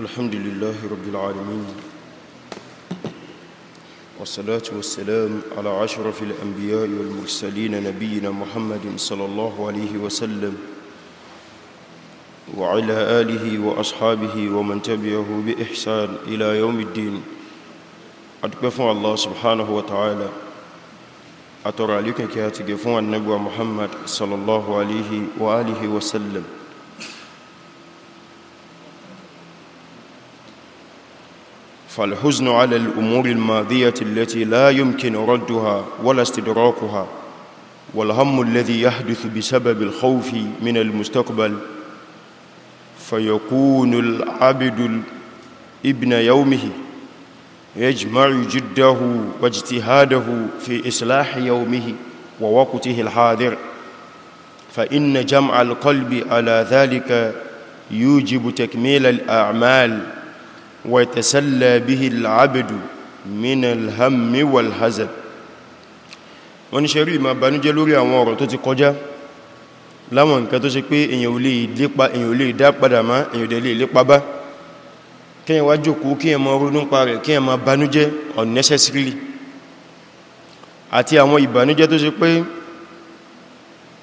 الحمد لله رب العالمين والصلاة والسلام على عشرف الأنبياء والمرسلين نبينا محمد صلى الله عليه وسلم وعلى آله وأصحابه ومن تبعه بإحسان إلى يوم الدين أتقفوا الله سبحانه وتعالى أترى لك كاتقفوا فون النبوة محمد صلى الله عليه وآله وسلم فالحزن على الأمور الماضية التي لا يمكن ردها ولا استدراكها والهم الذي يحدث بسبب الخوف من المستقبل فيكون العبد ابن يومه يجمع جده واجتهاده في إصلاح يومه ووقته الحاضر فإن جمع القلب على ذلك يوجب تكميل الأعمال ويتسلى به العبد من الهم والحزن wọ́n ni ṣe rí ìmọ̀ banújẹ́ lórí àwọn ọ̀rọ̀ tó ti kọjá láwọn nǹkan tó ṣe pé èyàn ò lè lépa èyàn ò lè dá padà má èyàn ò lè lépa bá kíyàn wá jókòó kíyàn mọ ronú pa rẹ̀ kíyàn má banújẹ́ unnecessarily àti àwọn ìbànújẹ́ tó ṣe pé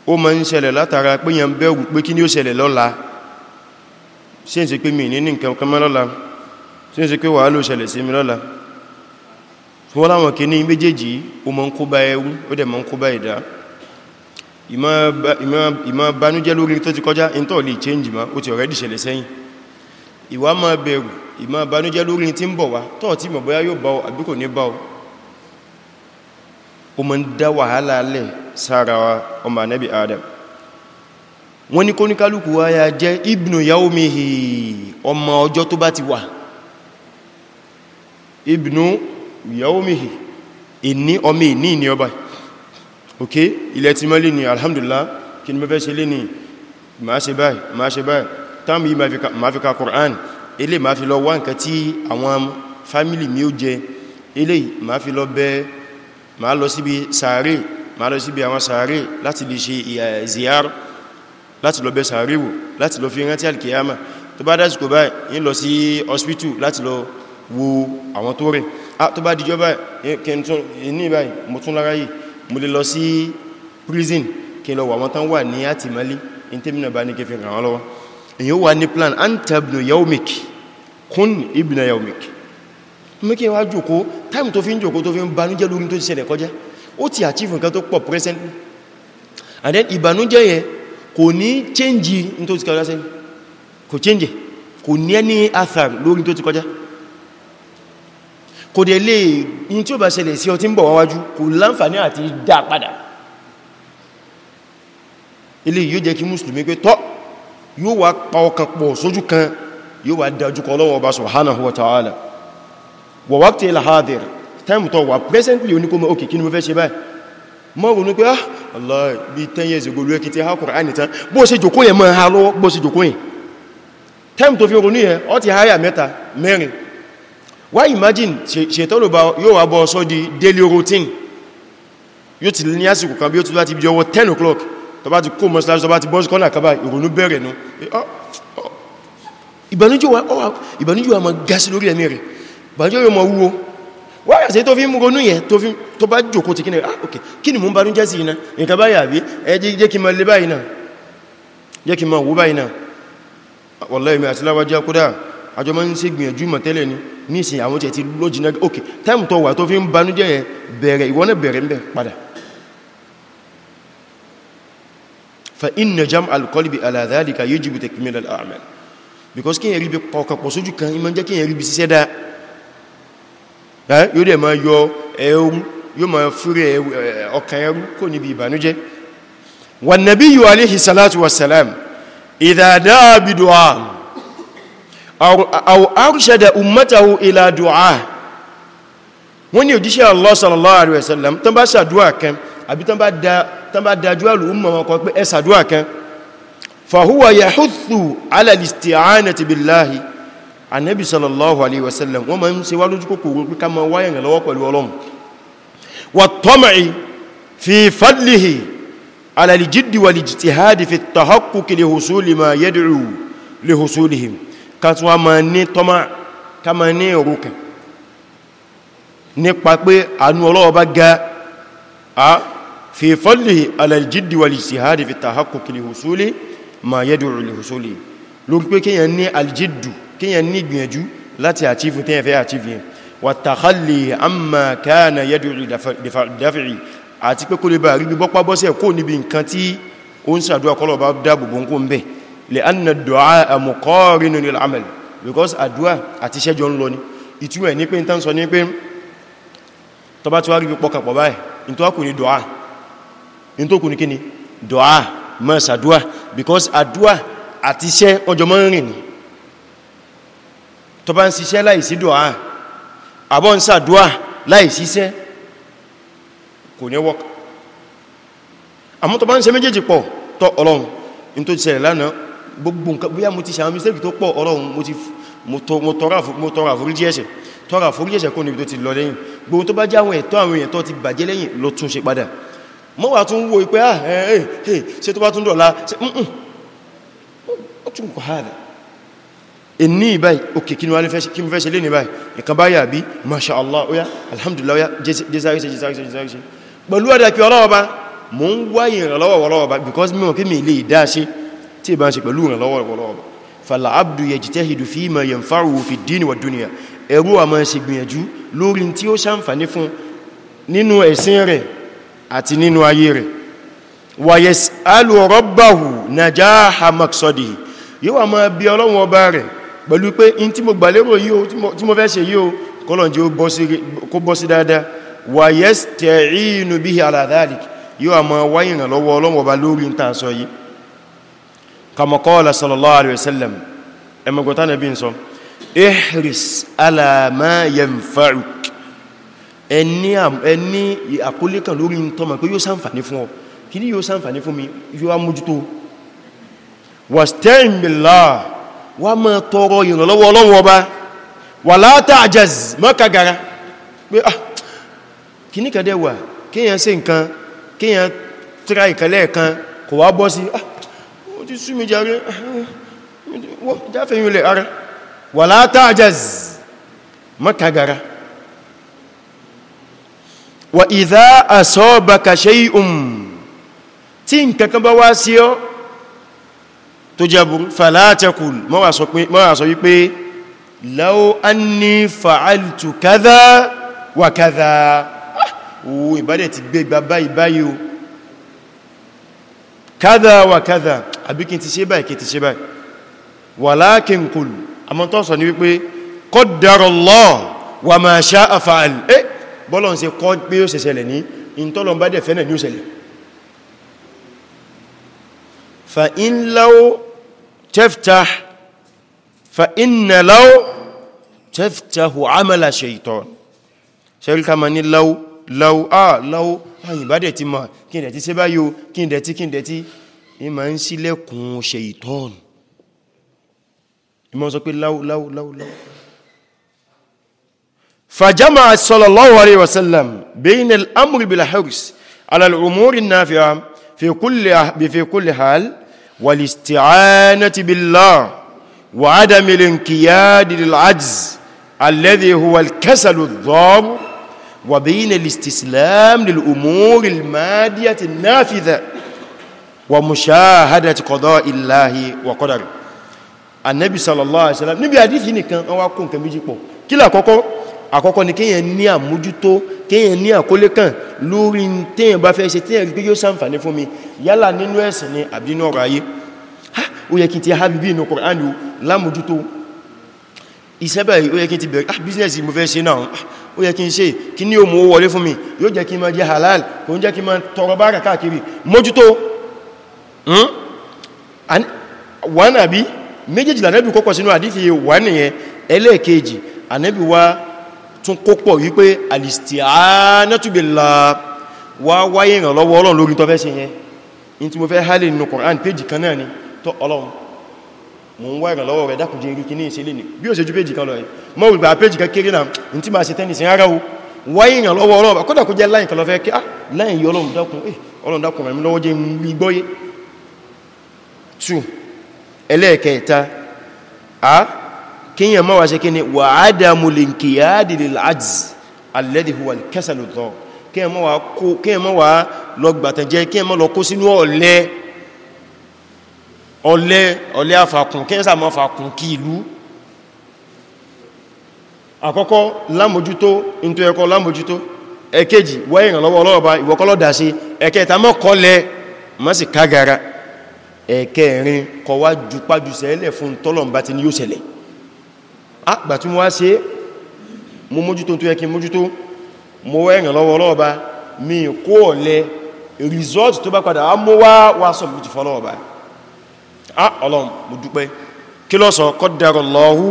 ó ma ń ṣẹlẹ̀ látara pé yàn bẹ̀rù pé kí ni ó ṣẹlẹ̀ lọ́la ṣe ń ṣe pé mi ní nǹkan kan mọ́ lọ́la tí ó sì pé wà ló ṣẹlẹ̀ sí mi lọ́la wọ́n láwọn kì méjèèjì o mọ́ ń kó bá ẹwú ó dẹ̀ mọ́ ń kó bá ìdá ìmọ̀ banújẹ́ lórí tó ti kọjá ìntọ́ lè change ma ó ti already ṣẹlẹ̀ sẹ́yìn ìwà máa bẹ̀rù ìmọ̀ banújẹ́ lórí tí ń bọ̀ wá tọ́ tí mọ̀ bóyá yóò bá ọ àbí adam wọ́n ní kóníkálùkù wáyá jẹ́ ibnu yaumihi ọmọ ọjọ́ tó bá ti wà ibnu yawmihi ìní ọmọ ìní ni ọba ok ilẹ̀ ti mọ́ lè ní alhamdulillah kí ni mẹ́fẹ́ ṣe lè ní máa ṣe báyìí máa ṣe báyìí táàmù yìí máa fi ka Qur'an ilé máa fi lọ wá nǹkan tí àwọn fámílì mi ó jẹ ilé máa fi lọ bẹ máa lọ síbi sàárè máa lọ síbi àwọn sàárè láti lè ṣe ziyar láti lọ bẹ sàárè wò láti lo fi rántí alkiyama tó bá dásìkò báyìí ń lọ sí hospital láti lọ wo àwọn tó rìn a tó bá dìjọ báyìí ní báyìí mo tún lára yìí mo lè lọ sí prison kí lọ wà wọn tán wà ní àtìmọ́lé in tí mìíràn bá ní kẹfẹ́ ràn wọ́n lọ́wọ́ èyí wà ní plan antabno yaumik kún ibn yaumik mẹ́kí wá jòkó time tó fi ń jòkó tó fi ń banújẹ́ lórí tó ti ṣẹlẹ̀ kọjá ó ti achieve nǹkan tó pọ̀ present and then ìbànújẹ́ yẹn kò ní change ní tó ti kọjá sẹ́yìn kò change kò ní ẹni athar lórí tó ti kọjá kò dẹ̀ lè in tí ó bá ṣẹlẹ̀ sí ọ tí ń bọ̀ wáwájú kò láǹfàní àti dá padà ilé yóò jẹ́ kí mùsùlùmí pé tọ́ yóò wá pa ọkàn pọ̀ sójú kan yóò wa ta'ala wa waqtil hadir time tó wà presently ó ní kó mọ̀ okay kí ni mo fẹ́ ṣe báyìí mọ́ ronú pé ah Allah bí 10 years ago lórí kìtì ha Kùránì tán bó lọ́wọ́ bó ṣe why imagine ṣètọ́nù yóò wà bọ́ sọ di daily routine yóò ti ní àsìkò kan bí ó ti láti bí ọwọ́ 10 o'clock tó bá ti kó mọ́sílásí tó bá ti bọ́sí kọ́nà kaba ìrònú bẹ̀rẹ̀ nú ìbànújẹ́ wa ma gásí lórí ẹ̀mí rẹ̀ ìbànújẹ́ yóò ma wúwo wáyà sí tó fi ń ronú yẹn tó bá ah ok kí ni mú bànújẹ́ sí iná nǹkan báyà bí ẹ ma lé báyìí náà ma wú báyìí náà wallahi mi àti láwájá kódà àjọ ma ń ni nísìn àwọn tẹ̀ ti lójìnà ok time tó wà tó fi ń banújẹ́ yẹn bẹ̀rẹ̀ ìwọ́nà bẹ̀rẹ̀ ń padà fa inna jam al-qalbi ala dhalika yajibu takmil al because kí ẹ̀rí bí pọ̀kàpọ̀ sójú kan ìmọ̀ jẹ́ kí ẹ̀rí bí síṣẹ́ dá yóò dẹ̀ ma yọ ẹ̀rù yóò ma fúrẹ̀ ọkàn salatu wassalam idha da'a bi aw arṣada ummatahu ila du'a wọ́n ní òjíṣẹ́ Allah sallallahu alaihi wasallam tán bá ṣàdúwà kan àbí tán bá dájú al'umma wọn kan pé ẹ ṣàdúwà kan fahuwa yahuthu ala al-isti'anati billahi annabi sallallahu alaihi wasallam wọ́n ma ń ṣe wá lójú kòkòrò pé ká ma wáyẹ̀ rẹ̀ lọ́wọ́ pẹ̀lú Ọlọ́run wa tam'i fi kàtùwà ma ní tọ́mà ká ma ní òrùkàn nípa pé àánú Ọlọ́run bá ga a fi fọ́lì alàìjídì wà lè sí hádì fi tàhákù kìlì hùsúlé ma yẹ́dù rìlì hùsúlé ló ń pé kíyàn ní aljiddù kíyàn ní gbìyànjú láti àtífù tẹ́yàn fẹ́ àtífù yẹn wà tàhálì àmà káàna yẹ́dù rìlì àti pé لأن الدعاء مقارن للعمل because àdúà àti iṣẹ́ jọ ń lọ ni ìtumọ̀ ní pé ń tán sọ ní pé tó bá tí wá rí pípọ́ kàpọ̀ báyìí in tó ní kí ni because àdúà àti iṣẹ́ ọjọ́ mọ́ rìn ni tó bá ń ṣiṣẹ́ láìsí dùá àbọ́ ń sàdúà láìsíṣẹ́ kò ní work àmọ́ tó bá ń ṣe méjèèjì pọ̀ tọ́ ọlọ́run in tó ti ṣẹlẹ̀ lánàá gbogbo nǹkan bóyá mo ti ṣe àwọn mistake tó pọ̀ ọlọ́run mo tọrọ àforíjì ẹ̀ṣẹ̀ tọrọ àforíjì ẹ̀ṣẹ̀ kó níbi tó ti lọ lẹ́yìn gbogbo tó bá jẹ́ àwọn ẹ̀tọ́ àwọn èèyàn tó ti bàjẹ́ lẹ́yìn ló tún ṣe padà mọ́ wà tún wo ah, eh, eh, eh, mm, mm. ah, ìpẹ́ ṣe tó tí ìbá ń ṣe pẹ̀lú ìrànlọ́wọ́ ìrànlọ́wọ́ fàlàábdù yajtahidu fima yanfa'uhu fi ddini wa dunya ẹrú a máa ṣe gbìyànjú lórí tí ó ṣàǹfàní fún nínú ẹ̀sìn rẹ̀ àti nínú ayé rẹ̀ wa yas'alu rabbahu najaha maqsadihi yóò wà máa bí ọlọ́run ọba rẹ̀ pẹ̀lú pé in tí mo gbàlérò yíò tí mo fẹ́ ṣe yíò kọlọ̀njẹ́ kó bọ́ lórí ń tàà sọ yìí kama qala sallallahu alaihi wasallam ẹmọ gọta na bí n sọ ihris ala ma yanfa'uk ẹni àkólíkà lórí ń tọ́mà pé yóò ṣàǹfàní fún ọ kí ni yóò ṣàǹfàní fún mi yóò amójútó wasta'in billah wà má tọrọ ìrànlọ́wọ́ Ọlọ́run Ọba wala ta'jaz má kagara pé ah kí ní kàdẹ́wà kíyàn ṣe nǹkan kíyàn tíra ìkẹlẹ̀ kan kò wá bọ́ sí ah ti sú mi jàre jáfẹ́yìn ilẹ̀ ara wà látàjẹ́z mọ́kàgara wà ìdá àsọ́bàkà ṣe um tí nkankan bá wá sí ọ tó jẹ́bùn fàlátẹ́kùl mọ́wàá sọ wípé láó an fa'altu kada wà kada ah, wo ìbádẹ̀ ti gbé gbà báyìí báyìí kada wa kada àbí kí n ti ṣe báyìí kí n ti ṣe báyìí walakin qul àmọ́ tó sọ ní wípé qaddarallahu wa ma sha'a fa'al eh bọ́lọ̀ ń ṣe kọ́ pé ó ṣẹṣẹlẹ̀ ní ìntọ́lọ̀n bá dẹ̀ fẹ́nà ní ah, ayin bá dẹ̀ ti mọ̀ kí n dẹ̀ ti ṣe báyìí o kí n dẹ̀ ti kí n dẹ̀ ti ní ma ń sílẹ̀kùn ṣe ìtọ́ọ̀nù ìmọ̀ sọ pé láwú وبين الاستسلام للأمور المادية النافذة ومشاهدة قضاء الله وقدر النبي صلى الله عليه وسلم نبي hadiisi nìkan àwọn akọ́ nǹkan méjì pọ̀ kí la àkọ́kọ́ àkọ́kọ́ ni kéèyàn ní àmójútó kéèyàn ní àkólé kan lórí téèyàn bá fẹ́ ṣe téèyàn rí pé yóò ṣàǹfààní fún mi yálà nínú ẹ̀sìn ni àbí nínú ọ̀rọ̀ ayé ó yẹ kí ti ha bí inú Kùránì lámójútó ìṣẹ́bẹ̀ ó yẹ kí ti bẹ̀rẹ̀ ah! business mo fẹ́ ṣe náà ah! ó yẹ kí n ṣe kí ní òmù ó wọlé fún mi yóò jẹ́ kí n máa jẹ halal kò ń jẹ́ kí n máa tọrọ bára káàkiri mójútó wọ́n hmm? àbí méjèèjì lànẹ́bì kọ́kọ́ sínú àdífi wà nìyẹn ẹlẹ́ẹ̀kejì ànẹ́bì wá tún kópọ̀ wípé al-isti'anatu billah wá wáyé ìrànlọ́wọ́ ọlọ́run lórí tọ́fẹ́ sí yẹn in tí mo fẹ́ ni tọ́ ọlọ́run mo ń wá ìrànlọ́wọ́ rẹ̀ dákùnjẹ́ irí kìíní ìṣẹ́lẹ̀ ní bí ó ṣe ju péjì kan lọ ẹ̀ mọ́ ìgbà péjì kan kéré náà ní tí ma ṣe tẹ́nìsì ara o wá ìrànlọ́wọ́ ọlọ́run kódà kó jẹ́ láyìn kan lọ fẹ́ kí á láyìn yọ ọlọ́run dákùn ẹ̀ eh, ọlọ́run dákùn rẹ̀ mi lọ́wọ́ jẹ́ rí gbọ́yé 2 ẹlẹ́ẹ̀kẹta a kíyàn mọ́ wa ṣe kí ni wà á dàmú lè kì á dìlè láàjì alẹ́dì huwa kẹsàlù tọ́ kíyàn mọ́ wa lọ gbàtàn jẹ́ kíyàn mọ́ lọ kó sínú ọ̀lẹ́ ọlẹ́ ọlẹ́ àfàkùn kí ń sàmọ́ fàkùn kí ìlú àkọ́kọ́ lámójútó in tó ẹkọ́ lámójútó ẹ̀kejì wá ìrànlọ́wọ́ ọlọ́ọ̀bá ìwọ̀kọ́lọ́dà sí ẹ̀kẹta mọ́ kọlẹ̀ mọ́ sí kágara ẹ̀kẹrin kọwá jùpájú sẹ́lẹ̀ fún tọ́lọ̀mbá ti ní yóò ṣẹlẹ̀ àgbà tí wọ́n ṣe mo mójútó tó ẹkí mójútó mo wá ìrànlọ́wọ́ ọlọ́ọ̀bá mi kó ọ̀lẹ ah ọlọ́run mo dúpẹ́ kí ló sọ qaddarallahu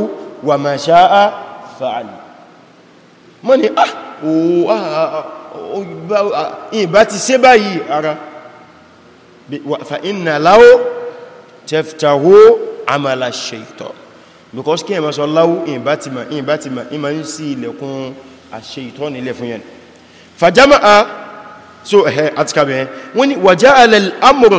wa ma sha'a fa'al mọ́ ni ah, ah, ah, ah ìbá ti ṣe báyìí ara fa inna law taftahu amala shaytan because kí ẹ̀mọ́ sọ law ìbá ti ma ìbá ti ma ìmá ń sí ilẹ̀kùn ash nílẹ̀ fún yẹn fàjámà so ẹ̀hẹ́ àti wọ́n ni wa ja'ala al-amru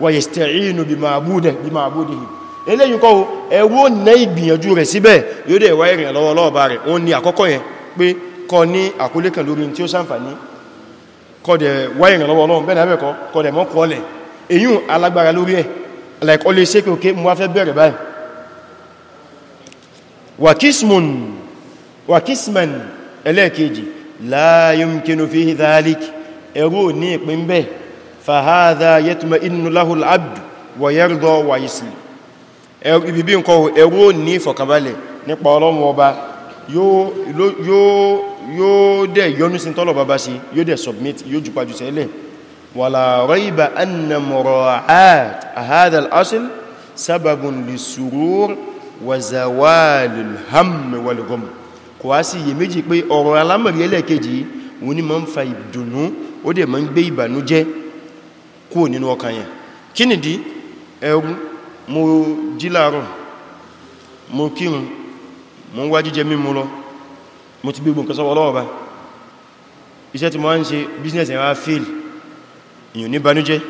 wa yasta'inu bi ma'budihi bi ma'budihi eléyìn kọ́ ẹwọ́ ní ìgbìyànjú rẹ̀ síbẹ̀ yóò dẹ̀ wá ìrìn lọ́wọ́ lọ́ọ̀bá rẹ̀ òun ni àkọ́kọ́ yẹn pé kọ ní àkólé kan lórí tí ó sàǹfàní kọ́dẹ̀ wá ò ní ìpín bẹ́ẹ̀ fàhádá yẹtùmọ̀ inú láhùl abdù wà yẹ́rùdọ́ wà ìsìlì ibibí nǹkan ẹ̀rọ ní ìfọ̀kànbalẹ̀ nípa ọlọ́run ọba yóò dẹ̀ yọnú sí tọ́lọ̀ bàbá sí yóò dẹ̀ submit yóò jù pàjù sẹ́lẹ̀ wala rayba anna mura'at hadha al-asl sababun lis-surur wa zawalil hamm wal gham kò wá sí iyèméjì pé ọ̀rọ̀ alámọ̀rí ẹlẹ́ẹ̀kejì òun ni máa ń fa ìdùnnú ó dẹ̀ máa ń gbé ìbànújẹ́ kúrò nínú ọkàn yẹn kí nìdí ẹ̀rùn mo jí láàárọ̀ mo kírun mo ń wá jíjẹ mímu lọ mo ti gbogbo nǹkan sọ́wọ́ lọ́wọ́ iṣẹ́ tí mo wá ń ṣe business ẹ̀rá fail èyàn ní banújẹ́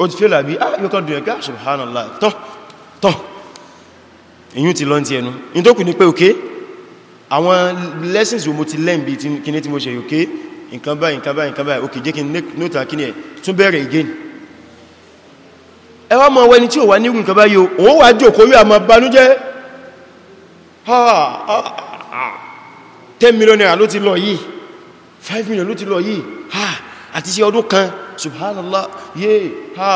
ó ti fail àbí ah yóò kọ́ dùn ẹ̀gá ah, subhanallah tọ́ tọ́ èyàn ti lọ́n ti ẹnu in tó kù ní pé òkè àwọn lessons wo mo ti learn bí kíní tí mo ṣe òkè nǹkan báyìí nǹkan báyìí nǹkan báyìí okay jẹ́ kí n make note àkíní ẹ̀ tún bẹ̀rẹ̀ again ẹwà mọ̀ wẹni tí ò wá nírù nǹkan báyìí òun wà jòkó yóò àmà banújẹ́ ha ha ha 10 million naira ló ti lọ yìí 5 million ló ti lọ yìí ha àti sí ọdún kan subhanallah yé ha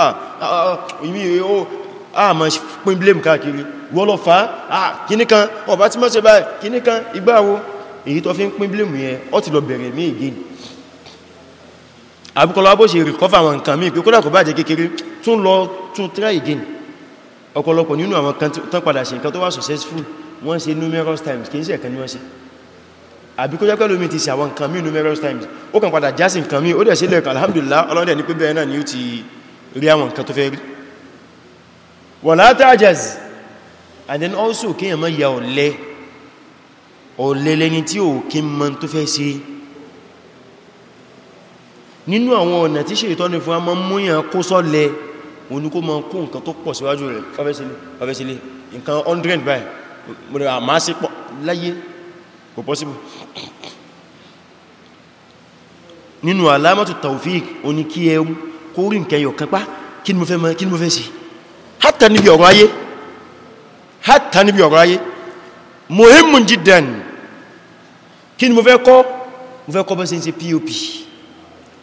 ìmí o a ma pín blame káàkiri wọ́lọ̀ fa kíníkan ọ̀bá tí mọ́ ṣe báyìí kíníkan ìgbáwo èyí tó fi ń pín blame yẹn ó ti lọ bẹ̀rẹ̀ mí again àbúkọlọ abó ṣe recover àwọn nǹkan míì pé kódà kò bá jẹ kékeré tún lọ tún try again ọ̀pọ̀lọpọ̀ nínú àwọn kan tán padà ṣe nǹkan tó wà successful wọ́n ṣe numerous times kì í ṣe ẹ̀kan ni wọ́n ṣe àbí kó jẹ́ pẹ́lú mi ti ṣe àwọn nǹkan míì numerous times ó kàn padà já sí nǹkan míì ó dẹ̀ ṣe lẹ́ẹ̀kan alhamdulillah ọlọ́dẹ̀ ní pé bẹ́ẹ̀ náà ni ó ti rí àwọn nǹkan tó fẹ́ rí wala ta'jaz and then also kéèyàn mọ́ ya ọ̀lẹ ọ̀lẹ lẹni tí ò nínú àwọn ọ̀nà tí ṣètọ́ ní fún ọmọ múyàn kó sọ́lẹ̀ òní kó mọ kó nǹkan tó pọ̀ síwájú rẹ̀ ọ̀fẹ́sílé nǹkan 100 by mọ̀rẹ̀ àmá sí pọ̀ láyé kò pọ́síbù nínú alámọ́tù taufik òní kí ẹ kó rí nǹkan yọ̀ kápá kí ni mo fẹ́ mọ̀ kí ni mo fẹ́ sí hátà níbi ọ̀rọ̀ ayé hátà níbi ọ̀rọ̀ ayé muhimmun jiddan kí ni mo fẹ́ kọ́ mo fẹ́ kọ́ bẹ́ sí pop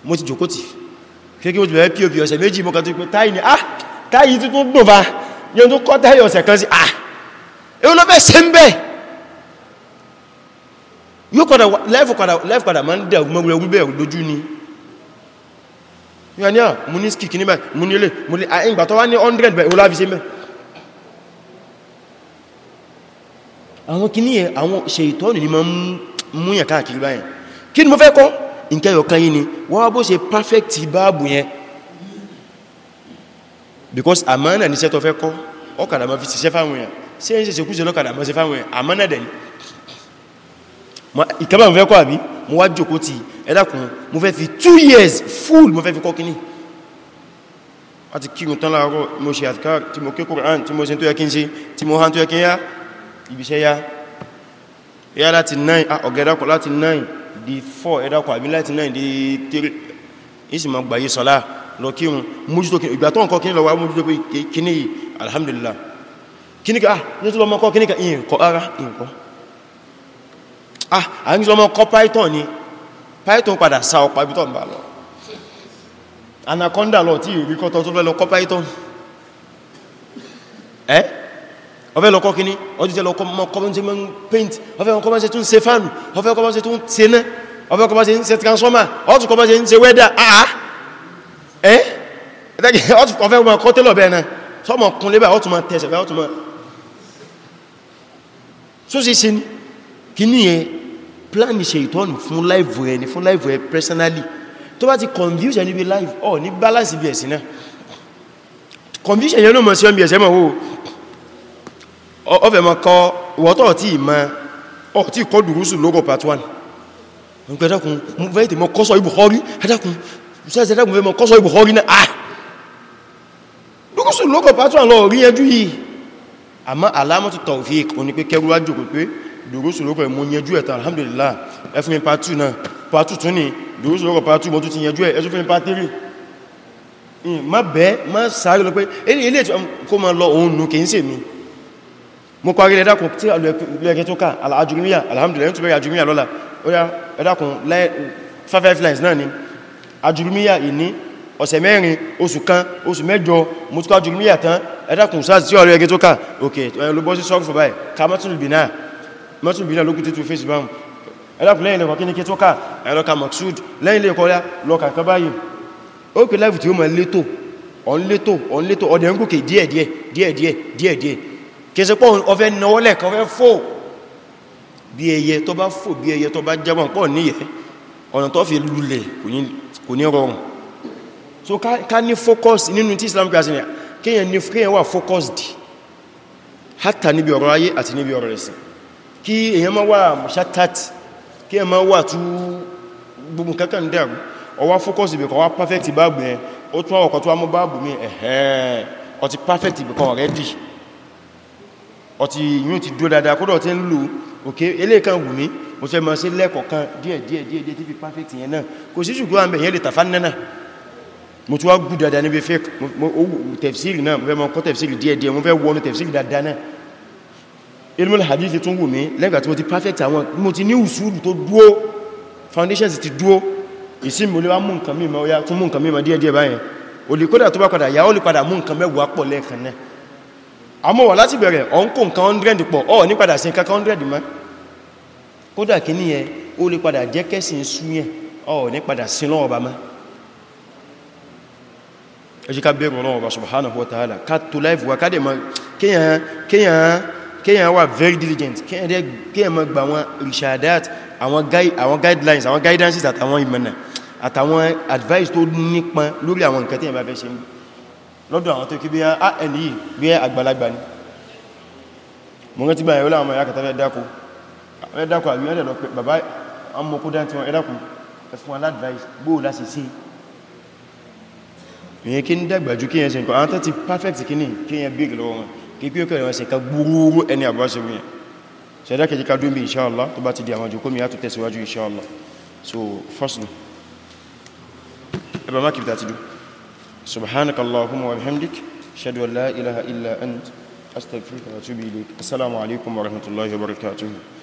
mo ti jòkótì kéèkì mo ti bẹ̀rẹ̀ pop ọ̀sẹ̀ méjì mo kàn tó pé táyì ni ah táyì tí tó gbò bá ní ọdún kọ́ táyì ọ̀sẹ̀ kan sí ah ewu ló bẹ́ ṣe ń bẹ́ yóò kọ́dà life kọ́dà ma ń dẹ̀ mọ́gbẹ̀rẹ̀ wíbẹ̀ lójú ni yóò ní à ah, mú ní skik níbẹ̀ mú ní ilé ah, mú ní àìgbà tó ni ma ń múyàn káàkiri báyẹn kí ni mo fẹ́ kọ́ nǹkan yọ̀kan yìí ni wọ́n wá bó ṣe perfect báàbù yẹn because Amana ní sẹ́tọ̀ fẹ́ kọ́ ọkàdà ma fi ṣiṣẹ́ fáwọn yẹn sí ẹ̀ ń ṣeṣe kúṣe lọ́kàdà ma ṣe fáwọn yẹn àmánà dẹ̀ ni ìkàbà mo fẹ́ kọ́ àbí mo wá jókòó ti ẹ years full mo fẹ́ fi kọ́ kíní àti kírun tán láàárọ̀ mo ṣe àtikáà tí mo kékòrò àn tí mo ṣe láti 9 ah, ọ̀gẹ̀dàkùn láti di 4 ẹ̀dàkùn àbí láti 9 di 3 ìsì ma gbàyí sọ́lá lọ kírun mójútó kí ìgbà tó ń kọ́ kí ní lọ wá mójútó pé kíní yìí alhamdulillah kíní ká ní tó lọ mọ́ kọ́ kíní ká ìyìn kọ́ ara ìyìn kọ́ ah àyíkí tó lọ mọ́ kọ́ python ni python padà sa ọpa ibi tó ń bá lọ anaconda lọ tí ìrìkọ́ tó lọ kọ́ python ọfẹ́ lọ kọ́ kíní ọdúnṣẹ́ lọ kọ́mọ́sẹ́ mọ́ paint ọfẹ́ kọ́mọ́sẹ́ tún ṣe fánù ọfẹ́ kọ́mọ́sẹ́ tún ṣe ná ọfẹ́ kọ́mọ́sẹ́ ń ṣe transformer ọtún kọ́mọ́sẹ́ ń ṣe wẹ́dà àá ẹ́ ọfẹ́ mọ́ kọ́ tẹ́lọ̀ bẹ́ẹ̀ náà sọmọ kun lébà ọtún mọ́ tẹ̀sẹ̀ bá ọtún mọ́ so ṣe ṣe ni kíní yẹn plan ṣe ìtọ́nù fún life rẹ ni fún life rẹ personally tó bá ti confusion níbi life ọ ní balance ibi ẹ̀sìn náà confusion yẹn ló mọ̀ sí ọmọ ẹ̀sẹ̀ mọ̀ wó ọfẹ́ ma kọ wọ́tọ̀ tí ìmọ̀ ọ̀tí kọ́ dùrúsù lókọ̀ part 1 ẹgbẹ́dàkùn mú fẹ́ ìtẹ̀mọ́ kọ́sọ̀ Bukhari ẹdàkùn sẹ́ẹ̀sẹ̀dàkùn fẹ́ mọ́ kọ́sọ̀ Bukhari náà ah dùrúsù lókọ̀ part 1 lọ rí ẹjú yìí àmá alámọ́tù tawfiq oní pé kẹrùwá jù pé dùrúsù lókọ̀ mọ́ yẹjú ẹ̀ta alhamdulillah ẹ fún mi part 2 náà part 2 tún ni dùrúsù lókọ̀ part 2 mọ́ tún ti yẹjú ẹ̀ ẹsùn fún mi part 3 ma bẹ́ẹ̀ ma sáré lọ pé ilé ètò um, kó ma lọ òun nù kìí mo parí lẹ dákun tí lẹ́ẹ̀kẹ́ tó ká al'ajúmíyà alhamdulillah tó bẹ̀rẹ̀ ajúmíyà lọ́la ó yá ẹ dákun 5 lines náà ni ajúmíyà ìní ọ̀sẹ̀ mẹ́rin oṣù kan oṣù mẹ́jọ mo tí kọ́ ajúmíyà tán ẹ dákun sáàsì tí ọ̀rẹ́gẹ́ tó ká ok olóbọ́ sí sọ́rọ̀ fọ́báyì ká mọ́túnbìnà lókún títù fèsì báhùn ẹ dákun lẹ́yìn lẹ́kọ̀ọ́ kí ní kí tó ká ẹ̀lọ́ka maksud lẹ́yìn lẹ́kọ̀ọ́ lọ́ka kan báyìí ó kése pọ́ ọfẹ́ náwọ́lẹ̀ kan fẹ́ fò bí ẹyẹ tó bá fò bí ẹyẹ tó bá jẹ́bọ̀n pọ̀ níyẹ ọ̀nà tó fi lulẹ̀ kò ní rọrùn so ká ní focus nínú tí Islam gbà ni kíyàn ní kíyàn wà focused hátà níbi ọ̀rọ̀ ayé àti níbi ọ̀rọ̀ ẹ̀sìn kí èyàn má wà shatat kí èyàn má wà tú gbogbo kankan dẹ̀rù ọwá focus ibi kan wá perfect báàbù yẹn ó tún àwọ̀kọ̀ tó wá mú báàbù mi ẹ̀hẹ́ ọ̀tí perfect ibi kan already ọtí yíò ti dúó dáadáa kódọ̀ tí ń lò òkè eléèkan wù mí mo fẹ́ mọ́ sí lẹ́kọ̀ọ̀kan díẹ̀ díẹ̀ díẹ̀ díẹ̀ tí fi perfect yẹn náà kò sí ṣùgbọ́n àmì èyàn lè tàfà nánà mo tún wá gù dáadáa níbi fẹ́ tẹ̀fsìlì náà mo fẹ́ mọ́ kọ́ tẹ̀fsìlì díẹ̀ díẹ̀ mo fẹ́ wọnú tẹ̀fsìlì dáadáa náà foundations ti dúó ìsinmi olè wá mú nǹkan mímọ̀ ó yá tún mú nǹkan mímọ̀ díẹ̀díẹ̀ báyẹn olè kódà tó bá àmọ́ wà láti bẹ̀rẹ̀ ọ̀nkò nǹkan 100 pọ̀ ọ̀ ní padà sí nǹkan 100 mọ́ kódà kí ní ẹ ó lè padà jẹ́ kẹsìn súnyẹ̀ ọ̀ ní padà sí lọ́wọ́ bá mọ́ ẹjíká bẹ̀rù lọ́wọ́ bá subhanahu wa ta'ala ká tó láìfù wa ká dẹ̀ mọ́ kíyàn wà very diligent kíyàn mọ́ gba àwọn rishadat àwọn guidelines àwọn guidances àtàwọn ìmọ̀nà àtàwọn advice tó nípa lórí àwọn nǹkan tí yàn bá fẹ́ ṣe lọ́dọ̀ àwọn tó kí bí a ah, ẹni yìí bí àgbàlagbà ni mo rántí gbà ẹ̀rọ àwọn ìyákàtà rẹ̀ dákò rẹ̀ dákò àríwá ẹ̀dẹ̀ lọ pé bàbá amókó dántí wọn ẹ̀dàkù ẹ̀fún aládìváìs gbóò láti sí ìyẹn kí ń dàgbà àwọn tó perfect kí ní kí yẹn bí ìgbìlọ́wọ́ wọn kí pí ó kẹrẹ wọn ṣe ká gbúrú ẹni àbúráṣe wọn àwọn jòkó mi á tó tẹ̀síwájú inṣáàlá so first ẹ bàbá kìí tàti سبحانك اللهم وبحمدك أشهد أن لا إله إلا أنت أستغفرك وأتوب إليك السلام عليكم ورحمة الله وبركاته